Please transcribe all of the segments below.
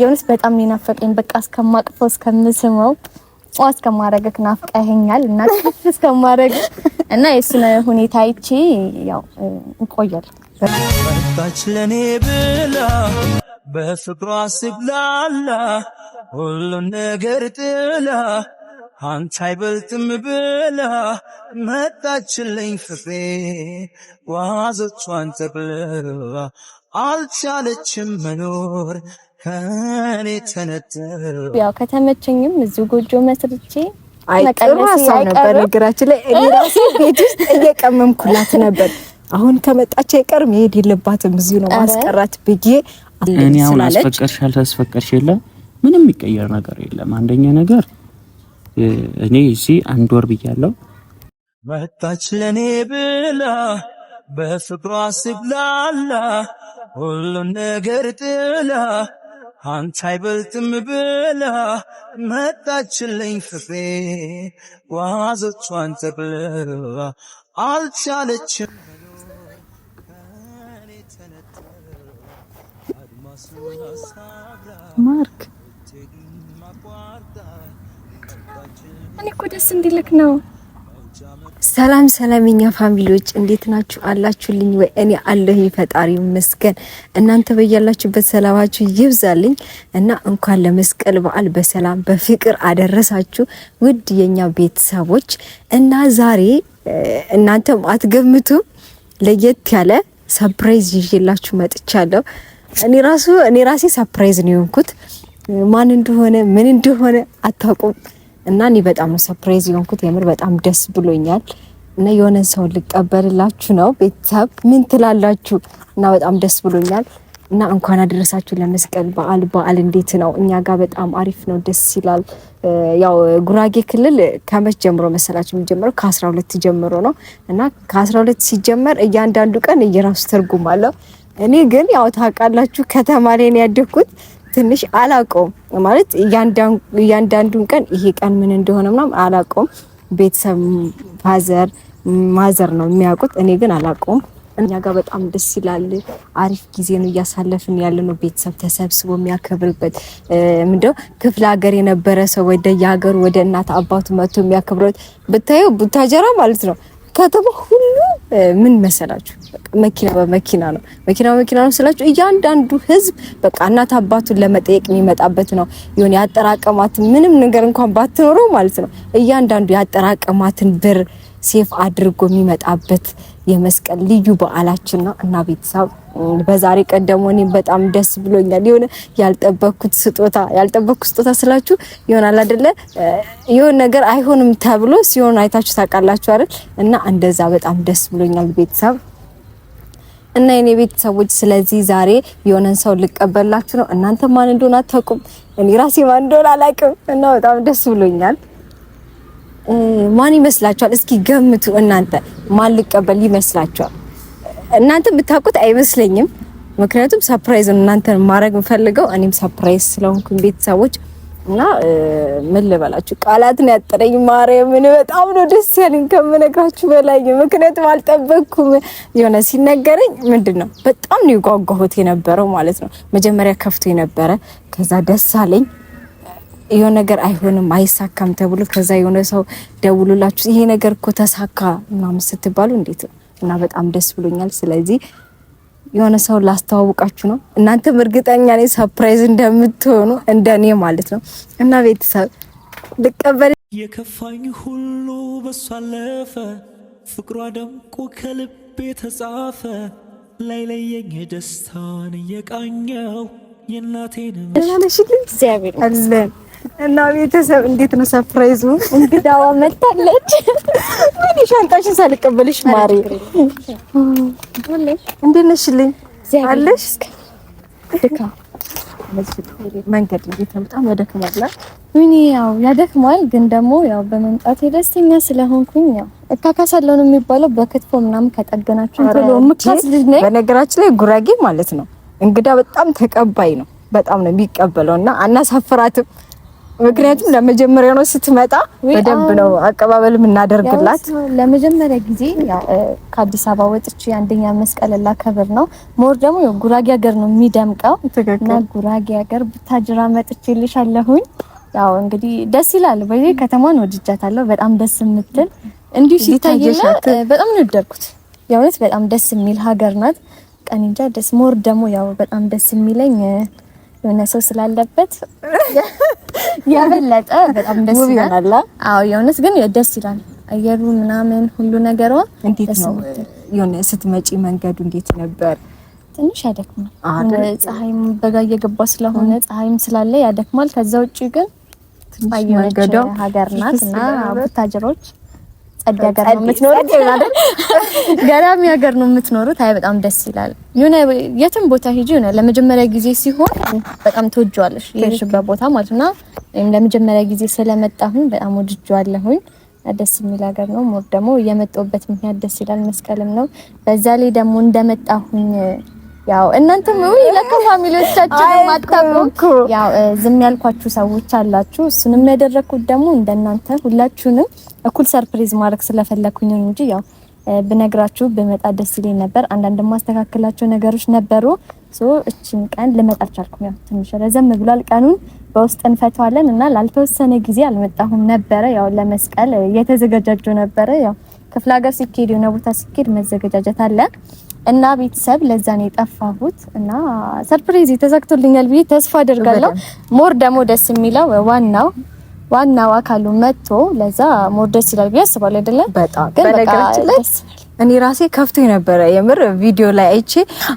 የሆነስ በጣም ነው በቃ እስከማቅፎ እስከምስመው ዋ እስከማረግክ ናፍቀኸኛል እና እስከማረግ እና የእሱን ሁኔታ ይቺ ያው እንቆያል በርታች ለኔ ብላ በፍቅሯ ስብላላ ሁሉን ነገር ጥላ አንተ አይበልጥም ብላ መጣችልኝ ፍሬ ዋዘቿን ተብላ አልቻለችም መኖር ያው ከተመቸኝም እዚሁ ጎጆ መስርቼ አይጥሩ ሀሳብ ነበር። ነገራችን ላይ እኔ ራሱ ቤት ውስጥ እየቀመምኩላት ነበር። አሁን ከመጣች አይቀርም መሄድ የለባትም እዚሁ ነው ማስቀራት ብዬ እኔ አሁን አስፈቀድሽ አልተስፈቀድሽ የለ ምንም የሚቀየር ነገር የለም። አንደኛ ነገር እኔ እዚህ አንድ ወር ብያለሁ። መጣች ለእኔ ብላ በፍቅሯ ስብላላ ሁሉን ነገር ጥላ አንተ አይበልጥም ብላ መጣችልኝ ፍሬ ዋዞቿን ጠቅልላ አልቻለችም ማርክ እኔ እኮ ደስ እንዲልክ ነው ሰላም ሰላም የኛ ፋሚሊዎች እንዴት ናችሁ? አላችሁልኝ ወይ? እኔ አለሁ ፈጣሪ መስገን እናንተ በያላችሁበት ሰላማችሁ ይብዛልኝ እና እንኳን ለመስቀል በዓል በሰላም በፍቅር አደረሳችሁ ውድ የኛ ቤተሰቦች እና ዛሬ እናንተም አትገምቱም ለየት ያለ ሰርፕራይዝ ይዤላችሁ መጥቻለሁ። እኔ ራሱ እኔ ራሴ ሰርፕራይዝ ነው የሆንኩት። ማን እንደሆነ ምን እንደሆነ አታውቁም። እና እኔ በጣም ነው ሰርፕራይዝ የሆንኩት። የምር በጣም ደስ ብሎኛል። እና የሆነ ሰው ልቀበልላችሁ ነው ቤተሰብ፣ ምን ትላላችሁ? እና በጣም ደስ ብሎኛል። እና እንኳን አደረሳችሁ ለመስቀል በዓል። በዓል እንዴት ነው? እኛ ጋር በጣም አሪፍ ነው፣ ደስ ይላል። ያው ጉራጌ ክልል ከመች ጀምሮ መሰላችሁ የሚጀምረው? ከአስራ ሁለት ጀምሮ ነው እና ከአስራ ሁለት ሲጀመር እያንዳንዱ ቀን እየራሱ ትርጉም አለው። እኔ ግን ያው ታውቃላችሁ ከተማ ላይ ነው ያደግኩት ትንሽ አላውቀውም ማለት እያንዳንዱን ቀን ይሄ ቀን ምን እንደሆነ ምናምን አላውቀውም። ቤተሰብ ፋዘር ማዘር ነው የሚያውቁት፣ እኔ ግን አላቆም። እኛ ጋር በጣም ደስ ይላል። አሪፍ ጊዜ ነው እያሳለፍን ያለ ነው። ቤተሰብ ተሰብስቦ የሚያከብርበት ምንድነው ክፍለ ሀገር የነበረ ሰው ወደ የሀገሩ ወደ እናት አባቱ መጥቶ የሚያከብረት ብታየው ቡታጀራ ማለት ነው ከተማ ሁሉ ምን መሰላችሁ፣ መኪና በመኪና ነው። መኪና በመኪና ነው ስላችሁ እያንዳንዱ ህዝብ በቃ እናት አባቱን ለመጠየቅ የሚመጣበት ነው። የሆነ ያጠራቀማትን ምንም ነገር እንኳን ባትኖረው ማለት ነው እያንዳንዱ ያጠራቀማትን ብር ሴፍ አድርጎ የሚመጣበት የመስቀል ልዩ በዓላችን ነው እና ቤተሰብ በዛሬ ቀን ደግሞ እኔም በጣም ደስ ብሎኛል። የሆነ ያልጠበኩት ስጦታ ያልጠበኩት ስጦታ ስላችሁ ይሆናል አይደለ? የሆነ ነገር አይሆንም ተብሎ ሲሆን አይታችሁ ታውቃላችሁ አይደል? እና እንደዛ በጣም ደስ ብሎኛል ቤተሰብ እና የኔ ቤተሰቦች ስለዚህ ዛሬ የሆነን ሰው ልቀበላችሁ ነው። እናንተ ማን እንደሆነ አታውቁም፣ እኔ ራሴ ማን እንደሆነ አላውቅም እና በጣም ደስ ብሎኛል። ማን ይመስላችኋል? እስኪ ገምቱ እናንተ ማን ሊቀበል ይመስላችኋል? እናንተ ብታውቁት አይመስለኝም። ምክንያቱም ሰርፕራይዝ እናንተ ማድረግ የምፈልገው እኔም ሰርፕራይዝ ስለሆንኩኝ ቤተሰቦች እና ምን ልበላችሁ፣ ቃላትን ያጠረኝ ማርያምን፣ በጣም ነው ደስ ያለኝ ከምነግራችሁ በላይ። ምክንያቱም አልጠበቅኩም። የሆነ ሲነገረኝ ምንድን ነው በጣም ነው የጓጓሁት የነበረው ማለት ነው። መጀመሪያ ከፍቶ የነበረ ከዛ ደስ አለኝ። የሆነ ነገር አይሆንም አይሳካም ተብሎ ከዛ የሆነ ሰው ደውሉላችሁ ይሄ ነገር እኮ ተሳካ ምናምን ስትባሉ እንዴት ነው? እና በጣም ደስ ብሎኛል። ስለዚህ የሆነ ሰው ላስተዋውቃችሁ ነው። እናንተም እርግጠኛ ነኝ ሰርፕራይዝ እንደምትሆኑ እንደኔ ማለት ነው። እና ቤተሰብ ልቀበል የከፋኝ ሁሉ በሷ አለፈ። ፍቅሯ ደምቆ ከልቤ ተጻፈ። ላይ ለየኝ ደስታን እየቃኘው የእናቴን እግዚአብሔር አለን እና ቤተሰብ እንዴት ነው ሰርፕራይዙ? እንግዳዋ መጣለች። ምን ሻንጣሽን ሳልቀበልሽ ማሪ እንዴት ነሽልኝ አለሽ? መንገድ እንዴት ነው? በጣም ያደክማል። ምን ያው ያደክማል፣ ግን ደግሞ ያው በመምጣት ደስተኛ ስለሆንኩኝ ያው እካካሳለሁ ነው የሚባለው። በክትፎ ምናምን ከጠገናችሁ በነገራችን ላይ ጉራጌ ማለት ነው እንግዳ በጣም ተቀባይ ነው። በጣም ነው የሚቀበለው እና አናሳፍራትም ምክንያቱም ለመጀመሪያ ነው ስትመጣ፣ በደንብ ነው አቀባበል የምናደርግላት። ለመጀመሪያ ጊዜ ከአዲስ አበባ ወጥቼ አንደኛ መስቀል ላከብር ነው። ሞር ደግሞ ጉራጌ ሀገር ነው የሚደምቀው እና ጉራጌ ሀገር ብታጅራ መጥቼ ልሻለሁኝ። ያው እንግዲህ ደስ ይላል። በዚህ ከተማን ወድጃታለሁ። በጣም ደስ የምትል እንዲሁ ሲታየና በጣም ነው የወደድኩት። የእውነት በጣም ደስ የሚል ሀገር ናት። ቀን እንጃ ደስ ሞር ደግሞ ያው በጣም ደስ የሚለኝ የሆነ ሰው ስላለበት ያበለጠ በጣም ደስ ይላል። አዎ የእውነት ግን ደስ ይላል። አየሩ ምናምን ሁሉ ነገሯ እንዴት ነው? የሆነ ስትመጪ መንገዱ እንዴት ነበር? ትንሽ ያደክማል። ፀሐይም በጋ እየገባ ስለሆነ ፀሐይም ስላለ ያደክማል። ከዛ ውጭ ግን ባየነች ሀገር ናት እና ጸድ ሀገር ነው የምትኖሩት፣ ገራሚ ሀገር ነው የምትኖሩት። አይ በጣም ደስ ይላል። የሆነ የትም ቦታ ሂጂ የሆነ ለመጀመሪያ ጊዜ ሲሆን በጣም ትወጂዋለሽ፣ የሄድሽበት ቦታ ማለት ነው። ወይም ለመጀመሪያ ጊዜ ስለመጣሁኝ በጣም ወድጄዋለሁኝ። ደስ የሚል ሀገር ነው። ሞር ደግሞ የመጣሁበት ምክንያት ደስ ይላል፣ መስቀልም ነው። በዛ ላይ ደግሞ እንደመጣሁኝ ያው እናንተም ወይ ለካ ፋሚሊዎቻችሁ ማታቆኩ ያው ዝም ያልኳችሁ ሰዎች አላችሁ። እሱንም ያደረኩት ደግሞ እንደናንተ ሁላችሁንም እኩል ሰርፕሪዝ ማድረግ ስለፈለኩኝ ነው እንጂ ያው ብነግራችሁ ብመጣ ደስ ይለኝ ነበር። አንዳንድ ማስተካከላቸው ነገሮች ነበሩ። ሶ እቺን ቀን ልመጣ አልቻልኩም። ያው ትንሽ ረዘም ብሏል ቀኑን በውስጥ እንፈተዋለን እና ላልተወሰነ ጊዜ አልመጣሁም ነበረ። ያው ለመስቀል እየተዘገጃጀሁ ነበረ። ያው ክፍለ ሀገር ሲኬድ የሆነ ቦታ ሲኬድ መዘገጃጀት አለ። እና ቤተሰብ ለዛ ነው የጠፋሁት እና ሰርፕራይዝ ተሳክቶልኛል ብዬ ተስፋ አደርጋለሁ። ሞር ደግሞ ደስ የሚለው ዋናው ዋናው አካሉ መጥቶ ለዛ ሞር ደስ ይላል ብዬ አስባለሁ። አይደለም በጣም በነገራችን ላይ እኔ ራሴ ከፍቶ የነበረ የምር ቪዲዮ ላይ አይቼ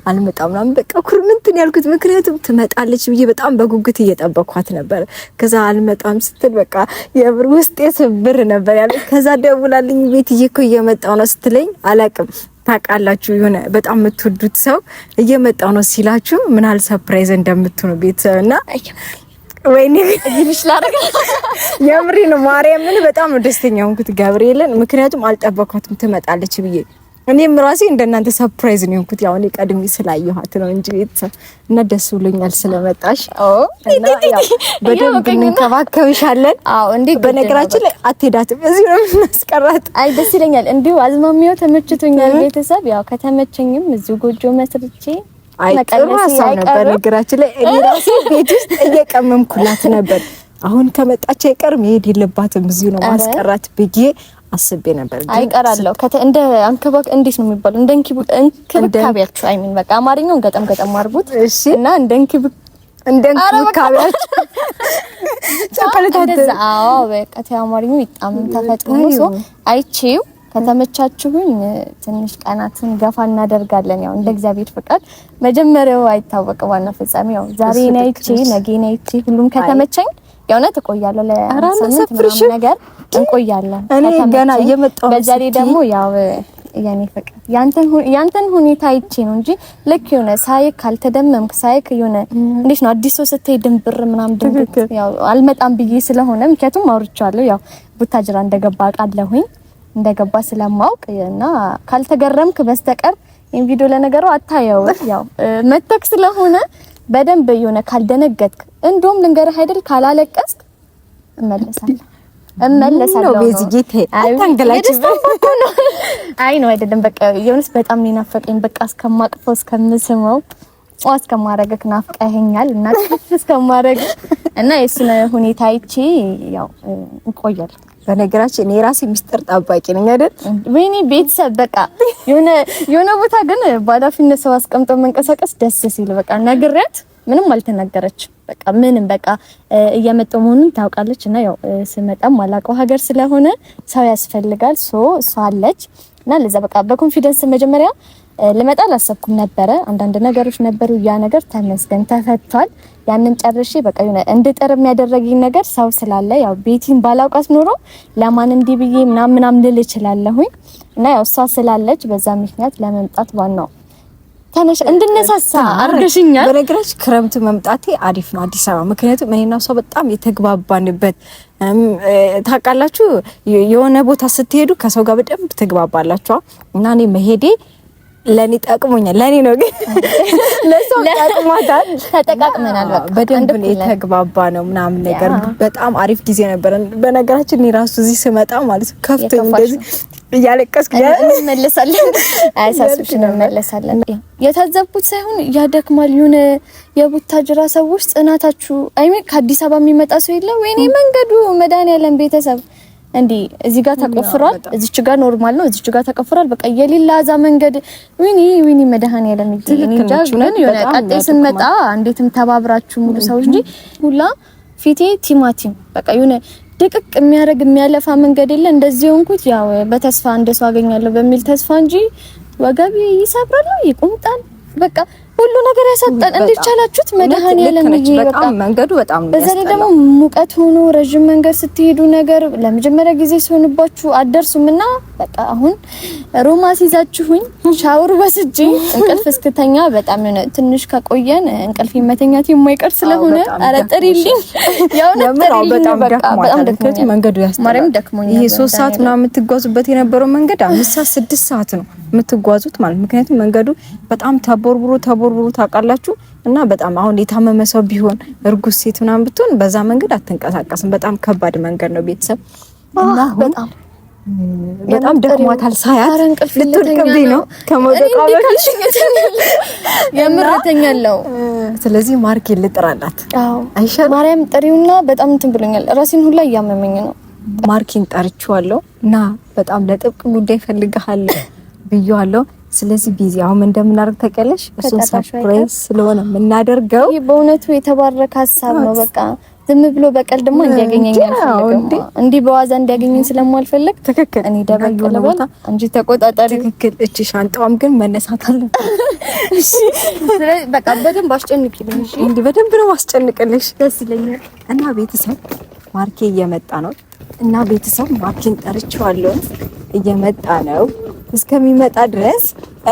አልመጣም ምናምን በቃ ኩርምንትን ያልኩት ምክንያቱም ትመጣለች ብዬ በጣም በጉጉት እየጠበኳት ነበር። ከዛ አልመጣም ስትል በቃ የምር ውስጤ ስብር ነበር ያለ። ከዛ ደውላልኝ ቤት እየኮ እየመጣው ነው ስትለኝ አላቅም ታውቃላችሁ የሆነ በጣም የምትወዱት ሰው እየመጣ ነው ሲላችሁ ምን ያህል ሰርፕራይዝ እንደምትሆኑ ቤተሰብ እና ወይኔ የምሬ ነው ማርያምን በጣም ነው ደስተኛ ሆንኩት ገብርኤልን ምክንያቱም አልጠበኳትም ትመጣለች ብዬ እኔም ራሴ እንደናንተ ሰርፕራይዝ ነው እንኩት ያው እኔ ቀድሜ ስላየኋት ነው እንጂ እና ደስ ብሎኛል ስለመጣሽ። እና ያው በደንብ እንከባከብሻለን። እንዴ፣ በነገራችን ላይ አትሄዳትም፣ እዚህ ነው የምናስቀራት። አይ ደስ ይለኛል፣ እንዲሁ አዝማሚያው ተመችቶኛል። ቤተሰብ ያው ከተመቸኝም እዚሁ ጎጆ መስርቼ አይ ጥሩ ሀሳብ ነበር። ነገራችን ላይ እኔ ራሴ ቤት ውስጥ እየቀመምኩላት ነበር። አሁን ከመጣች አይቀር መሄድ የለባትም እዚሁ ነው ማስቀራት ብዬ አስቤ ነበር። አይቀራለሁ እንደ አንከባክ እንዴት ነው የሚባለው? እንደ እንክብካቤያችሁ አይ ሚን በቃ አማርኛውን ገጠም ገጠም አድርጉት እና እንደ እንክብ እንደ እንክብካቤያችሁ ቻፓለታት አዎ በቃ አማርኛው በጣም ተፈጥኖ ሶ አይቼው ከተመቻችሁኝ ትንሽ ቀናትን ገፋ እናደርጋለን። ያው እንደ እግዚአብሔር ፈቃድ መጀመሪያው አይታወቅም፣ ዋና ፍጻሜ ያው ዛሬ ነይቼ ነገ ነይቼ ሁሉም ከተመቸኝ የእውነት እቆያለሁ ለሳምንት ነገር እንቆያለን። እኔ ገና እየመጣሁ በዛሬ ደግሞ ያው የኔ ፍቅር ያንተን ያንተን ሁኔታ አይቼ ነው እንጂ ልክ የሆነ ሳይክ ካልተደመምክ ሳይክ የሆነ እንዴት ነው አዲስ ሰው ስትሄድ ድንብር ምናምን ድንብር ያው አልመጣም ብዬ ስለሆነ ምክንያቱም አውርቻለሁ። ያው ቡታጅራ እንደገባ አውቃለሁኝ እንደገባ ስለማውቅ እና ካልተገረምክ በስተቀር ይሄን ቪዲዮ ለነገሩ አታየው ያው መተክ ስለሆነ በደንብ የሆነ ካልደነገጥክ፣ እንደውም ልንገርህ አይደል ካላለቀስክ እመለሳለሁ እመለሳለሁ አይ ነው አይደለም። በቃ የሆነስ በጣም ነው በቃ እስከማቅፈው እስከምስመው እስከማረግክ ናፍቀኸኛል እና እስከማረግ እና ሁኔታ አይቼ ያው በነገራችን እኔ ራሴ ሚስጥር ጠባቂ ነኝ አይደል? ወይኔ ቤተሰብ በቃ የሆነ ቦታ ግን ባላፊነት ሰው አስቀምጦ መንቀሳቀስ ደስ ሲል በቃ ነግሬያት ምንም አልተናገረችም። በቃ ምንም በቃ እየመጣሁ መሆኑን ታውቃለች። እና ያው ስመጣም ማላውቀው ሀገር ስለሆነ ሰው ያስፈልጋል። ሶ እሷ አለች እና ለዛ በቃ በኮንፊደንስ መጀመሪያ ልመጣ አላሰብኩም ነበረ። አንዳንድ ነገሮች ነበሩ። ያ ነገር ተመስገን ተፈቷል። ያንን ጨርሼ በቃ የሆነ እንድጠር የሚያደረገኝ ነገር ሰው ስላለ ያው ቤቲን ባላውቃት ኖሮ ለማን እንዲህ ብዬ ምናምን ምናምን ልል እችላለሁኝ እና ያው እሷ ስላለች በዛ ምክንያት ለመምጣት ዋናው ተነሽ እንድነሳሳ አድርገሽኛል። በነገራችን ክረምት መምጣቴ አሪፍ ነው አዲስ አበባ፣ ምክንያቱም እኔና ሰው በጣም የተግባባንበት ታውቃላችሁ። የሆነ ቦታ ስትሄዱ ከሰው ጋር በደንብ ትግባባላችኋ እና እኔ መሄዴ ለኔ ጠቅሞኛል። ለኔ ነው ግን ለሰው ጠቅሟታል። ተጠቃቅመናል። በቃ በደንብ ነው የተግባባ ነው ምናምን ነገር በጣም አሪፍ ጊዜ ነበር። በነገራችን እኔ ራሱ እዚህ ስመጣ ማለት ነው ከፍቶኝ እንደዚህ እያለቀስኩ እንመለሳለን። ነው እንመለሳለን። የታዘብኩት ሳይሆን ያደክማል። የሆነ የቡታጅራ ሰዎች ጽናታችሁ፣ አይ ከአዲስ አበባ የሚመጣ ሰው የለም። ወይኔ መንገዱ መድኃኒዓለም ቤተሰብ እንዲ እዚህ ጋር ተቆፍሯል፣ እዚች ጋር ኖርማል ነው፣ እዚች ጋር ተቆፍሯል። በቃ የሌላ አዛ መንገድ ዊኒ ዊኒ መድኃኒዓለም ይገኝ ቀጤ ስንመጣ እንዴትም ተባብራችሁ ሙሉ ሰዎች እንጂ ሁላ ፊቴ ቲማቲም በቃ የሆነ ድቅቅ የሚያደርግ የሚያለፋ መንገድ የለ። እንደዚህ ሆንኩት ያው በተስፋ እንደሱ አገኛለሁ በሚል ተስፋ እንጂ ወገቢ ይሰብራል፣ ይቁምጣል በቃ ሁሉ ነገር ያሳጣል። እንዴት ቻላችሁት? መድኃኒዓለም ይሄ በጣም መንገዱ በጣም ነው። በዛ ላይ ደግሞ ሙቀት ሆኖ ረጅም መንገድ ስትሄዱ ነገር ለመጀመሪያ ጊዜ ሲሆንባችሁ አደርሱምና በቃ አሁን ሮማ ሲዛችሁኝ ሻወር ወስጄ እንቅልፍ እስክተኛ በጣም ነው። ትንሽ ከቆየን እንቅልፍ መተኛት የማይቀር ስለሆነ ኧረ ጥሪልኝ፣ ያው በጣም ደክሞኛል። መንገዱ ያስጠላል። ይሄ 3 ሰዓት ምናምን የምትጓዙበት የነበረው መንገድ አምስት ሰዓት ስድስት ሰዓት ነው የምትጓዙት ማለት ምክንያቱም መንገዱ በጣም ተቦርብሮ ተቦር እንደሚያወሩ ታውቃላችሁ። እና በጣም አሁን የታመመ ሰው ቢሆን እርጉዝ ሴት ምናምን ብትሆን በዛ መንገድ አትንቀሳቀስም። በጣም ከባድ መንገድ ነው ቤተሰብ እና በጣም በጣም ደክሟታል። ሳያት ልትወድቅብኝ ነው ከመውደቋ በፊት የምረተኛለው። ስለዚህ ማርኬ ልጥራላት አይሻልም? ማርያም ጥሪውና በጣም እንትን ብሎኛል። ራሴን ሁላ እያመመኝ ነው። ማርኬን ጠርቼዋለሁ እና በጣም ለጥብቅ ጉዳይ ፈልግሃለሁ ብዬዋለሁ። ስለዚህ ቢዚ አሁን እንደምናደርግ ተቀለሽ እሱን ሰርፕራይዝ ስለሆነ የምናደርገው በእውነቱ የተባረከ ሀሳብ ነው። በቃ ዝም ብሎ በቀል ደግሞ እንዲያገኘኝ አልፈልግም። እንዲህ በዋዛ እንዲያገኘኝ ስለማልፈልግ ትክክል እኔ ደበል ለቦታ እንጂ ተቆጣጣሪ ትክክል። እቺ ሻንጣዋም ግን መነሳት አለበት። እሺ ስለዚህ በቃ በደንብ አስጨንቅልኝ። እሺ እንዲህ በደንብ ነው አስጨንቅልሽ፣ ደስ ይለኛል። እና ቤተሰብ ማርኬ እየመጣ ነው እና ቤተሰብ ማርኬን ጠርቼዋለሁ፣ እየመጣ ነው እስከሚመጣ ድረስ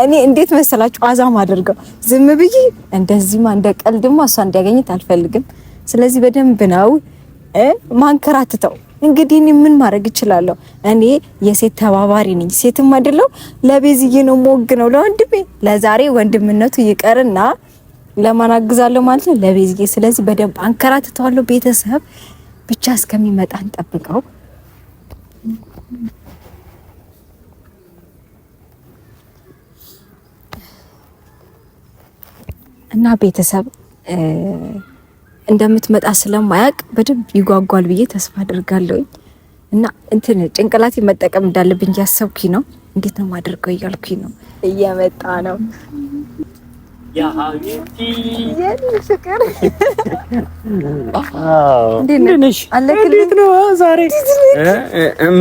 እኔ እንዴት መሰላችሁ አዛም አድርገው ዝም ብዬ እንደዚህማ እንደ ቀልድማ እሷ እንዲያገኘት አልፈልግም። ስለዚህ በደንብ ነው ማንከራትተው። እንግዲህ እኔ ምን ማድረግ እችላለሁ? እኔ የሴት ተባባሪ ነኝ፣ ሴትም አይደለሁ። ለቤዝዬ ነው ሞግ ነው ለወንድሜ። ለዛሬ ወንድምነቱ ይቀርና ለማን አግዛለሁ ማለት ነው? ለቤዝዬ። ስለዚህ በደንብ አንከራትተዋለሁ። ቤተሰብ ብቻ እስከሚመጣ እንጠብቀው። እና ቤተሰብ እንደምትመጣ ስለማያቅ በደንብ ይጓጓል ብዬ ተስፋ አድርጋለሁኝ። እና እንትን ጭንቅላቴ መጠቀም እንዳለብኝ ያሰብኩ ነው። እንዴት ነው ማድርገው እያልኩ ነው። እየመጣ ነው ፍቅር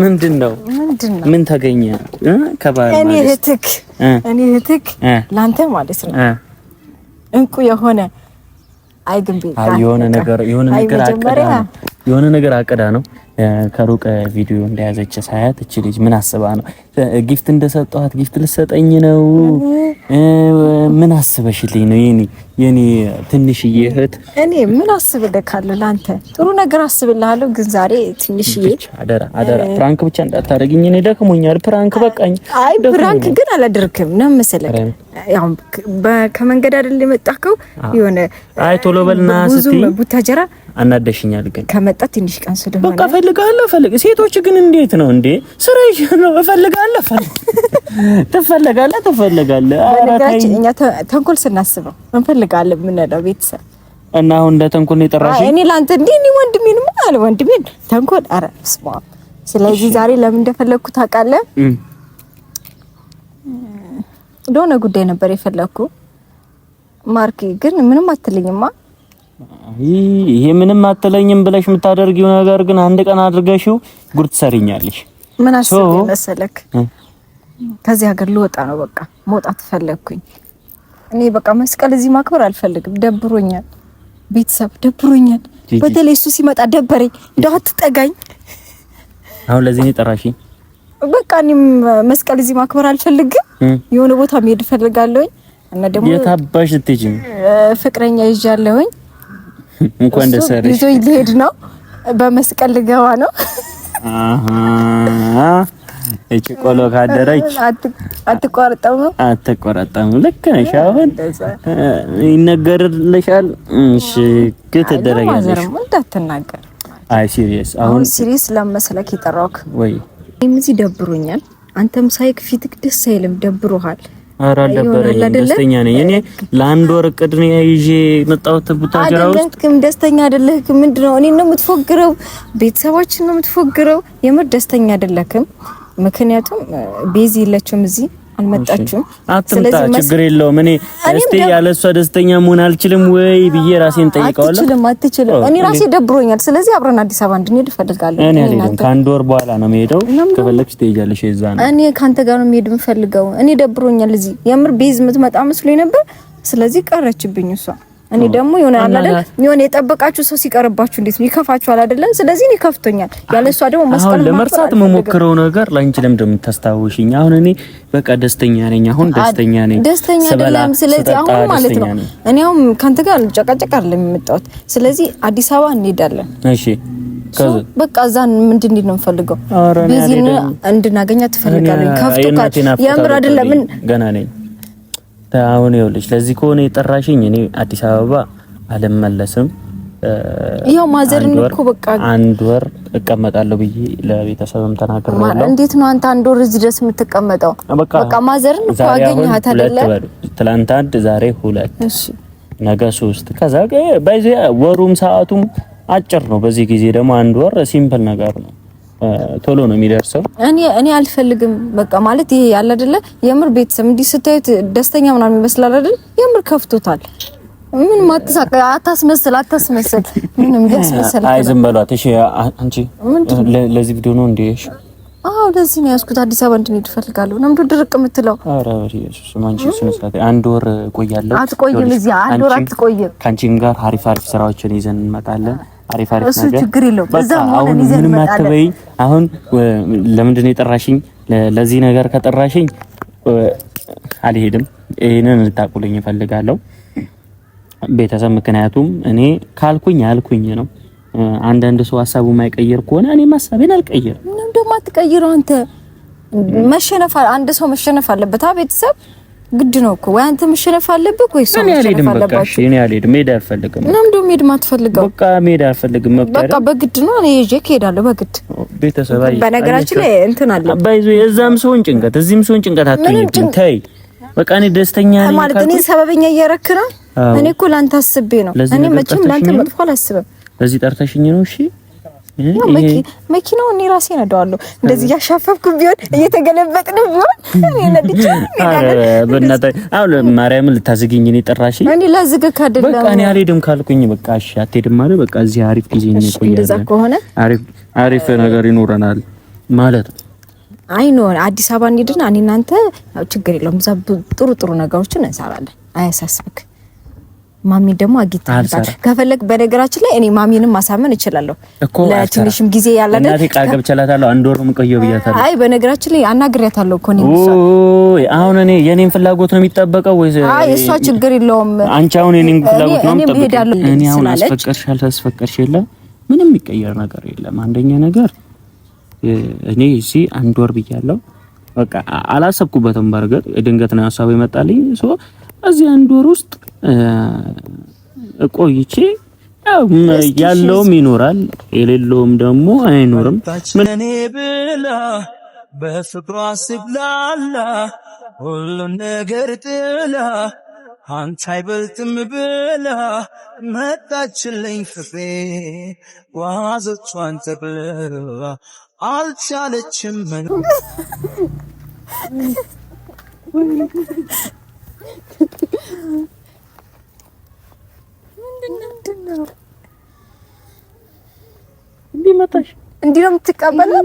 ምንድን ነው ምን ተገኘ? እኔ እህትክ እኔ እህትክ ለአንተ ማለት ነው እንቁ የሆነ አይ ግን የሆነ ነገር የሆነ ነገር አቀዳ ነው ከሩቅ ቪዲዮ እንደያዘች ሳያት እች ልጅ ምን አስባ ነው ጊፍት እንደሰጠኋት ጊፍት ልሰጠኝ ነው? ምን አስበሽልኝ ነው? የኔ የኔ ትንሽዬ እህት እኔ ምን አስብልካለሁ? ለአንተ ጥሩ ነገር አስብልሃለሁ፣ ግን ዛሬ ትንሽዬ አደራ አደራ፣ ፕራንክ ብቻ እንዳታረግኝ። እኔ ደክሞኛል፣ ፕራንክ በቃኝ። አይ ፕራንክ ግን አላደርክም ነው መሰለህ። ያው ከመንገድ አይደል የመጣከው የሆነ አይ ቶሎ በልና ስትይ ቡታጀራ አናደሽኛል። ግን ከመጣ ትንሽ ቀን ስለሆነ በቃ እፈልጋለሁ። ፈልግ ሴቶች ግን እንዴት ነው እንዴ? ስራ ነው። እፈልጋለሁ። ፈልግ ትፈልጋለህ፣ ትፈልጋለህ። በነገራችን እኛ ተንኮል ስናስበው እንፈልጋለን የምንለው ቤተሰብ እና አሁን ለተንኮል ተንኮል የጠራሽ። እኔ ላንተ እንዴ እኔ ወንድሜን ምን አለ ወንድሜን ተንኮል። አረ ስማ፣ ስለዚህ ዛሬ ለምን እንደፈለግኩ ታውቃለህ? ለሆነ ጉዳይ ነበር የፈለግኩ ማርክ ግን ምንም አትልኝማ ይሄ ምንም አትለኝም ብለሽ የምታደርጊው ነገር ግን አንድ ቀን አድርገሽው ጉድ ትሰርኛለሽ። ምን አስብ መሰለክ፣ ከዚህ ሀገር ልወጣ ነው። በቃ መውጣት ፈለግኩኝ። እኔ በቃ መስቀል እዚህ ማክበር አልፈልግም። ደብሮኛል፣ ቤተሰብ ደብሮኛል። በተለይ እሱ ሲመጣ ደበረኝ። እንደው አትጠጋኝ። አሁን ለዚህ ነው ጠራሽኝ። በቃ እኔም መስቀል እዚህ ማክበር አልፈልግም። የሆነ ቦታ መሄድ እፈልጋለሁኝ እና ደግሞ የታባሽ ስትጂ ፍቅረኛ ይዣለሁኝ እንኳን ደስ አለሽ። ይዞኝ ሊሄድ ነው። በመስቀል ልገባ ነው። አሃ እቺ ቆሎ ካደረች አትቆረጠም፣ አትቆረጠም። ልክ ነሽ። አሁን ይነገርልሻል። እሺ ከተደረገልሽ እንዳትናገር። አይ ሲሪየስ፣ አሁን ሲሪየስ ለመሰለክ የጠራሁት ወይ እዚህ ደብሮኛል። አንተም ሳይክ ፊትክ ደስ አይልም፣ ደብሮሃል ኧረ አልነበረኝም። ደስተኛ ነኝ እኔ። ለአንድ ወር እቅድ ነው ይዤ መጣሁት ቡታጅራ ውስጥ። አይደለህም፣ ደስተኛ አይደለህም። ምንድነው? ነው የምትፎግረው? ቤተሰባችን ነው የምትፎግረው? የምር ደስተኛ አይደለህም። ምክንያቱም ቤዚ የለችም እዚህ አልመጣችሁም። አትምጣ፣ ችግር የለውም። እኔ እስቲ ያለ እሷ ደስተኛ መሆን አልችልም ወይ ብዬ ራሴን ጠይቀዋለሁ። አትችልም፣ አትችልም። እኔ ራሴ ደብሮኛል። ስለዚህ አብረን አዲስ አበባ እንድንሄድ እፈልጋለሁ። እኔ አልሄድም። ከአንድ ወር በኋላ ነው የምሄደው። ከፈለግሽ ትሄጃለሽ። ነው እኔ ከአንተ ጋር ነው የምሄድ የምፈልገው። እኔ ደብሮኛል። እዚህ የምር ቤዝ የምትመጣ መስሎኝ ነበር። ስለዚህ ቀረችብኝ እሷ እኔ ደግሞ የሆነ አለ አይደል የሆነ የጠበቃችሁ ሰው ሲቀርባችሁ እንዴት ነው ይከፋችኋል አይደለም ስለዚህ እኔ ከፍቶኛል። ያለሷ ደግሞ መስቀል ለመርሳት መሞክረው ነገር ላንቺ ለምን እንደምታስታውሽኝ አሁን እኔ በቃ ደስተኛ ነኝ። አሁን ደስተኛ ነኝ፣ ደስተኛ አይደለም። ስለዚህ አሁን ማለት ነው እኔ አሁን ካንተ ጋር ልጨቃጨቅ አይደለም የመጣሁት። ስለዚህ አዲስ አበባ እንሄዳለን። እሺ በቃ እዛ ምንድን ነው የምፈልገው? በዚህ እንድናገኛ ትፈልጋለህ? ከፍቶ የምር አይደለም ገና ነኝ አሁን ይኸውልሽ፣ ለዚህ ከሆነ የጠራሽኝ እኔ አዲስ አበባ አልመለስም። ያው ማዘርን እኮ በቃ አንድ ወር እቀመጣለሁ ብዬ ለቤተሰብም ተናግሬያለሁ። እንዴት ነው አንተ አንድ ወር እዚህ ድረስ የምትቀመጠው? በቃ ማዘርን እኮ አገኘሃት አይደለ? ትላንት አንድ፣ ዛሬ ሁለት፣ ነገ ሶስት። ከዛ በዚህ ወሩም ሰዓቱም አጭር ነው። በዚህ ጊዜ ደግሞ አንድ ወር ሲምፕል ነገር ነው። ቶሎ ነው የሚደርሰው። እኔ እኔ አልፈልግም በቃ ማለት ይሄ ያለ አይደለ የምር ቤተሰብ እንዲህ ስታዩት ደስተኛ ምናምን ይመስላል አይደል? የምር ከፍቶታል። ምን ማጥሳቀ አታስመስል፣ አታስመስል። ምንም ደስ ያስመስል። አይ ዝም በሏት እሺ። አንቺ ለዚህ ቪዲዮ ነው እንዴ? እሺ አዎ ለዚህ ነው ያስኩት። አዲስ አበባ እንድንሄድ እፈልጋለሁ። ለምንድን ድርቅ የምትለው? አረ ኢየሱስ ማንቺ ስነ ስርዓት። አንድ ወር ቆያለሁ። አትቆይም፣ እዚህ አንድ ወር አትቆይም። ከአንቺም ጋር አሪፍ አሪፍ ስራዎችን ይዘን እንመጣለን። አሪፍ አሪፍ ነገር እሱ ችግር የለውም። በዛ ሆነ ይዘን መጣለን። አሁን ለምንድን ነው የጠራሽኝ? ለዚህ ነገር ከጠራሽኝ አልሄድም። ይሄንን እንድታቁልኝ እፈልጋለሁ ቤተሰብ። ምክንያቱም እኔ ካልኩኝ አልኩኝ ነው። አንዳንድ ሰው ሀሳቡ ማይቀየር ከሆነ እኔም ሀሳቤን አልቀየርም። ምንም ደግሞ አትቀይረው አንተ። መሸነፍ አንድ ሰው መሸነፍ አለበት ቤተሰብ ግድ ነው እኮ ወይ አንተ መሸነፍ አለብህ ወይ ሰው መሸነፍ አለባችሁ። እኔ አልሄድም፣ መሄድ አልፈልግም። እና ደው መሄድ ማትፈልገው? በቃ መሄድ አልፈልግም። በቃ በግድ ነው። እኔ ይዤ እሄዳለሁ በግድ ቤተሰብ። አይ በነገራችን ላይ እንትን አለ ባይዞ እዛም ሰውን ጭንቀት እዚህም ሰውን ጭንቀት አትሆኝም። ተይ በቃ እኔ ደስተኛ ነኝ ማለት እኔ ሰበበኛ እየረክ ነው። እኔ እኮ ላንተ አስቤ ነው። እኔ መቼም ላንተ መጥፎ አላስብም። ለዚህ ጠርተሽኝ ነው እሺ መኪናው እኔ ራሴ ነዳዋለሁ። እንደዚህ እያሻፈብኩ ቢሆን እየተገለበጥን ቢሆን እኔ ነድቼ አሁን ማርያምን ልታዝግኝ እኔ ጠራሽ እንዴ? ላዝግክ አይደለም በቃ እኔ አልሄድም ካልኩኝ በቃ እሺ አትሄድም አለ በቃ እዚህ አሪፍ ጊዜ ነው ቆያለሁ። እንደዛ ከሆነ አሪፍ አሪፍ ነገር ይኖረናል ማለት ነው። አይ ኖ አዲስ አበባ እንሂድና እኔ እናንተ ችግር የለውም። እዛ ጥሩ ጥሩ ነገሮችን እንሰራለን። አያሳስብክ ማሚን ደግሞ አግኝታ ከፈለግ በነገራችን ላይ እኔ ማሚንም ማሳመን እችላለሁ። ለትንሽም ጊዜ ያለ ነው እናቴ ቃል ገብቻላታለሁ። አንድ ወር ምቆየው ብያታለሁ። አይ በነገራችን ላይ አናግሬያታለሁ እኮ ነው። አሁን እኔ የኔን ፍላጎት ነው የሚጠበቀው ወይስ አይ እሷ ችግር የለውም። አንቺ አሁን የኔን ፍላጎት ነው የምጠበቀው። እኔ አሁን አስፈቀድሽ አልተስፈቀድሽ የለም ምንም የሚቀየር ነገር የለም። አንደኛ ነገር እኔ እሺ አንድ ወር ብያለሁ። በቃ አላሰብኩበትም። በርግጥ ድንገት ነው ሀሳቡ ይመጣልኝ። ሶ እዚህ አንድ ወር ውስጥ እቆይቼ ያለውም ይኖራል የሌለውም ደግሞ አይኖርም። ምንኔ ብላ በፍቅሯ ስብላላ ሁሉን ነገር ጥላ አንተ አይበልጥም ብላ መጣችልኝ ፍቅሬ ዋዞቿን ጠቅልላ አልቻለችም መኖር ምንድን ነው ነው የምትቀበላት?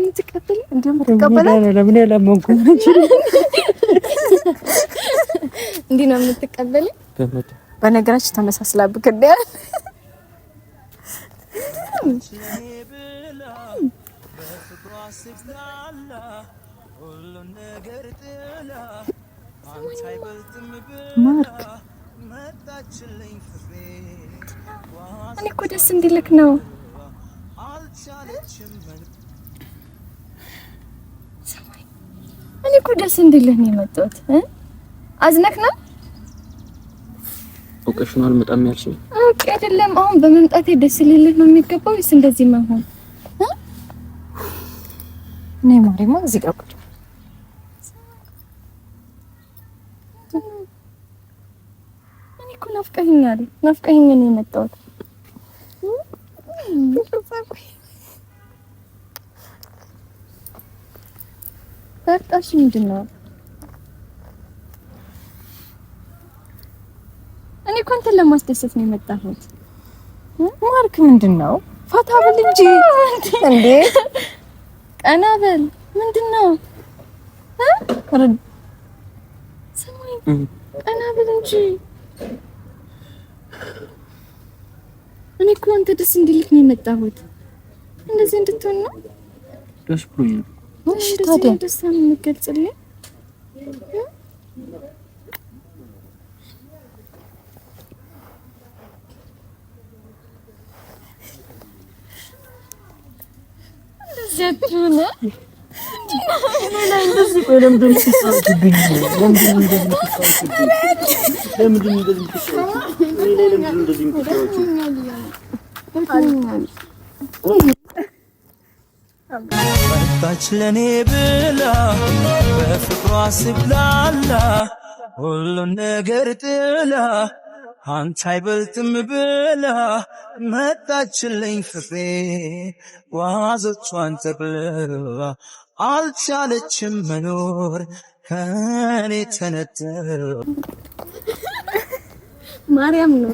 እንዲህ ነው የምትቀበላት? በነገራችን ተመሳስላብክ እንደ ያለ ማርክ እኔ እኮ ደስ እንዲልክ ነው። እኔ እኮ ደስ እንዲልህ ነው የመጣሁት። አዝነክ ነው አውቀሽ ነው አልመጣም ያልሽኝ? አውቄ አይደለም። አሁን በመምጣቴ ደስ ሊልህ ነው የሚገባው ወይስ እንደዚህ መሆን? እኔ ማሪማ እዚህ ጋር ቁጭ እኔ እኮ ናፍቀኸኛል። ናፍቀኸኝ ነው የመጣሁት በጣሽ ምንድን ነው? እኔ እኮ አንተን ለማስደሰት ነው የመጣሁት። ማርክ ምንድን ነው? ፋታ እንጂ እንዴ! ቀና በል። ምንድን ነው? ቀና በል እንጂ እኔ እኮ አንተ ደስ እንዲልክ ነው የመጣሁት። እንደዚህ እንድትሆን ነው ደስ ብሎኝ ነው። እሺ ታዲያ ደስ የምትገልጽልኝ ለምንድን መጣች ለኔ ብላ በፍቅሯ ስብላላ ሁሉን ነገር ጥላ አንተ አይበልጥም ብላ መጣችልኝ ፍሬ ዋዞቿን ተብላ አልቻለችም መኖር ከኔ ተነጥላ ማርያም ነው።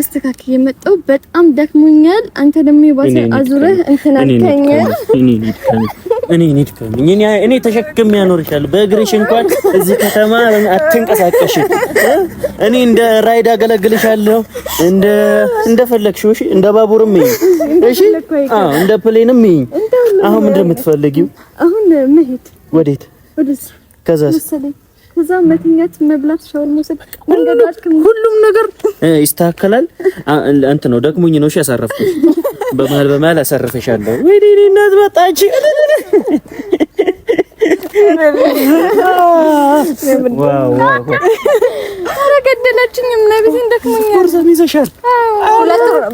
አስተካክል የመጣው በጣም ደክሞኛል። አንተ ደግሞ የባሰ አዙረህ እንትን አልከኝ። እኔ እኔ እኔ ተሸክሜ በእግርሽ እንኳን እዚህ ከተማ አትንቀሳቀሽ። እኔ እንደ ራይድ አገለግልሻለሁ፣ እንደ እንደፈለግሽ፣ እንደ ባቡርም ይሄ እሺ፣ አዎ፣ እንደ ፕሌንም ይሄ። አሁን ምንድን ነው የምትፈልጊው? አሁን መሄድ ወዴት? ወዴት? ከዛስ ከዛ መተኛት፣ መብላት፣ ሻወር መውሰድ፣ ሁሉም ነገር ይስተካከላል። አንተ ነው ደክሞኝ ነው እሺ በመሀል በመሀል አሳርፈሻለሁ። ወይኔ እናት መጣች። አረገደለችኝም ነብይ እንደክሞኛል። ቁርሰን ይዘሻል።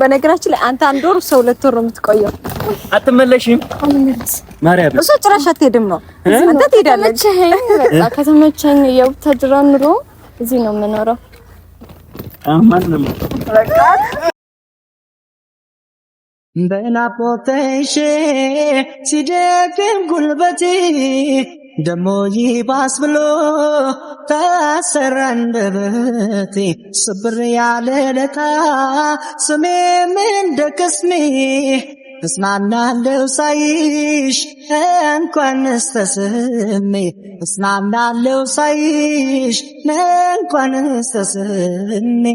በነገራችን ላይ አንተ አንድ ወር ሰው ሁለት ወር ነው የምትቆየው። አትመለሽም። ማርያም እሱ ጭራሽ አትሄድም ነው አንተ ትሄዳለች። ከተመቸኝ የቡታጅራ ኑሮ እዚህ ነው የምኖረው። በናፖተሽ ሲደክም ጉልበቴ ደሞ ይባስ ብሎ ታሰረ አንደበቴ ስብር ያለ ለታ ስሜም እንደ ቅስሜ እስናናለው ሳይሽ እንኳን ስተስሜ እስናናለው ሳይሽ እንኳን ስተስሜ